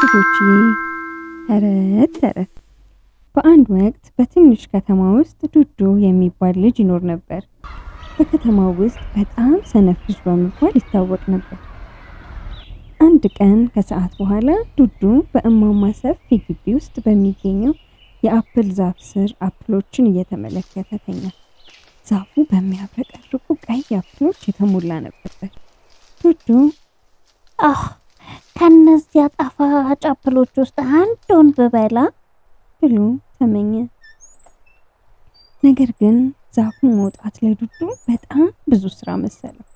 ልጆችዬ ተረት ተረት። በአንድ ወቅት በትንሽ ከተማ ውስጥ ዱዱ የሚባል ልጅ ይኖር ነበር። በከተማው ውስጥ በጣም ሰነፍ ልጅ በመባል ይታወቅ ነበር። አንድ ቀን ከሰዓት በኋላ ዱዱ በእማማ ሰፊ ግቢ ውስጥ በሚገኘው የአፕል ዛፍ ስር አፕሎችን እየተመለከተ ተኛ። ዛፉ በሚያብረቀርቁ ቀይ አፕሎች የተሞላ ነበር። ዱዱ ከነዚያ ጣፋጭ አፕሎች ውስጥ አንዱን ብበላ ብሎ ተመኘ። ነገር ግን ዛፉ መውጣት ለዱዱ በጣም ብዙ ስራ መሰለው።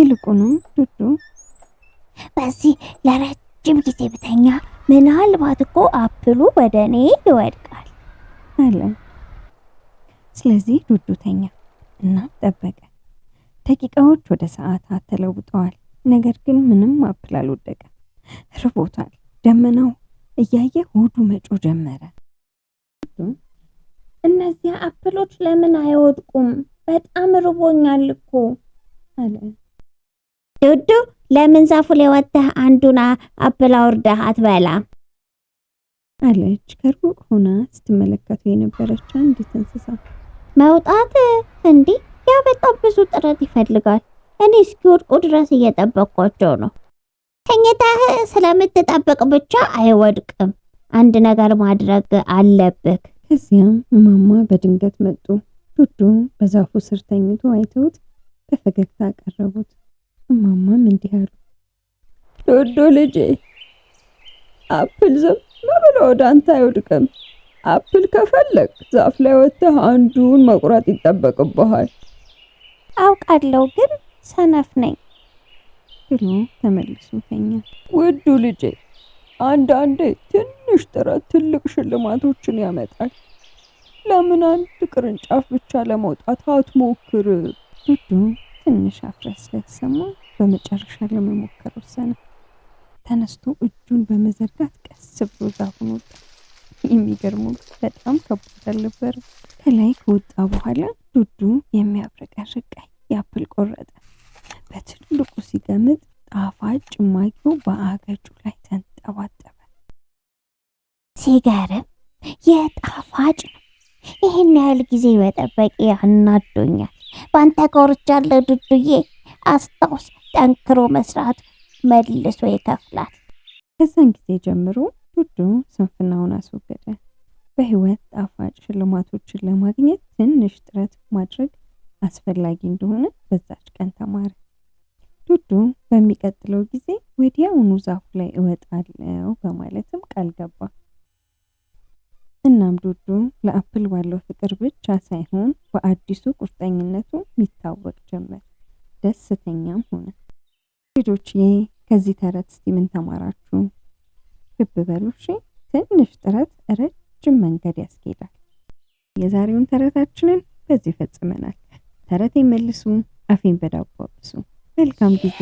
ይልቁኑ ዱዱ በዚህ ለረጅም ጊዜ ብተኛ ምናልባት እኮ አፕሉ ወደ እኔ ይወድቃል አለ። ስለዚህ ዱዱ ተኛ እና ጠበቀ። ደቂቃዎች ወደ ሰዓታት ተለውጠዋል። ነገር ግን ምንም አፕል አልወደቀም። ርቦታል። ደመናው እያየ ሆዱ መጮ ጀመረ። እነዚያ አፕሎች ለምን አይወድቁም? በጣም ርቦኛል እኮ አለ ዱዱ። ለምን ዛፉ ላይ ወጥተህ አንዱን አፕል አውርደህ አትበላ? አለች ከሩቅ ሆና ስትመለከቱ የነበረች አንዲት እንስሳ። መውጣት እንዲህ ያ በጣም ብዙ ጥረት ይፈልጋል። እኔ እስኪወድቁ ድረስ እየጠበቋቸው ነው። መኝታህ ስለምትጠብቅ ብቻ አይወድቅም። አንድ ነገር ማድረግ አለብህ። ከዚያም እማማ በድንገት መጡ። ዱዱ በዛፉ ስር ተኝቶ አይተውት በፈገግታ አቀረቡት። እማማም እንዲህ አሉ። ዱዱ ልጄ፣ አፕል ዝም ብሎ ወደ አንተ አይወድቅም። አፕል ከፈለግ ዛፍ ላይ ወጥተህ አንዱን መቁረጥ ይጠበቅብሃል። አውቃለሁ ግን ሰነፍ ነኝ። ብሎ ተመልሶ ተኛ። ውዱ ልጄ አንዳንዴ ትንሽ ጥረት ትልቅ ሽልማቶችን ያመጣል። ለምን አንድ ቅርንጫፍ ብቻ ለመውጣት አትሞክር? ውዱ ትንሽ አፍረት ስለተሰማ በመጨረሻ ለመሞከር ወሰነ። ተነስቶ እጁን በመዘርጋት ቀስ ብሎ ዛፉን ወጣ። የሚገርመው በጣም ከባድ አልነበረም። ከላይ ከወጣ በኋላ ዱዱ የሚያብረቀርቅ ሲገርም የጣፋጭ ይህን ያህል ጊዜ መጠበቅ ያናዶኛል። በአንተ ኮርቻለሁ ዱዱዬ። አስታውስ፣ ጠንክሮ መስራት መልሶ ይከፍላል። ከዛን ጊዜ ጀምሮ ዱዱ ስንፍናውን አስወገደ። በህይወት ጣፋጭ ሽልማቶችን ለማግኘት ትንሽ ጥረት ማድረግ አስፈላጊ እንደሆነ በዛች ቀን ተማረ። ዱዱ በሚቀጥለው ጊዜ ወዲያውኑ ዛፉ ላይ እወጣለሁ በማለትም ቃል ገባ። እናም ዱዱ ለአፕል ባለው ፍቅር ብቻ ሳይሆን በአዲሱ ቁርጠኝነቱ ይታወቅ ጀመር። ደስተኛም ሆነ። ልጆችዬ ከዚህ ተረት እስቲ ምን ተማራችሁ? ልብ በሉ እሺ። ትንሽ ጥረት ረጅም መንገድ ያስኬዳል። የዛሬውን ተረታችንን በዚህ ፈጽመናል። ተረቴን መልሱ፣ አፌን በዳቦ አብሱ። መልካም ጊዜ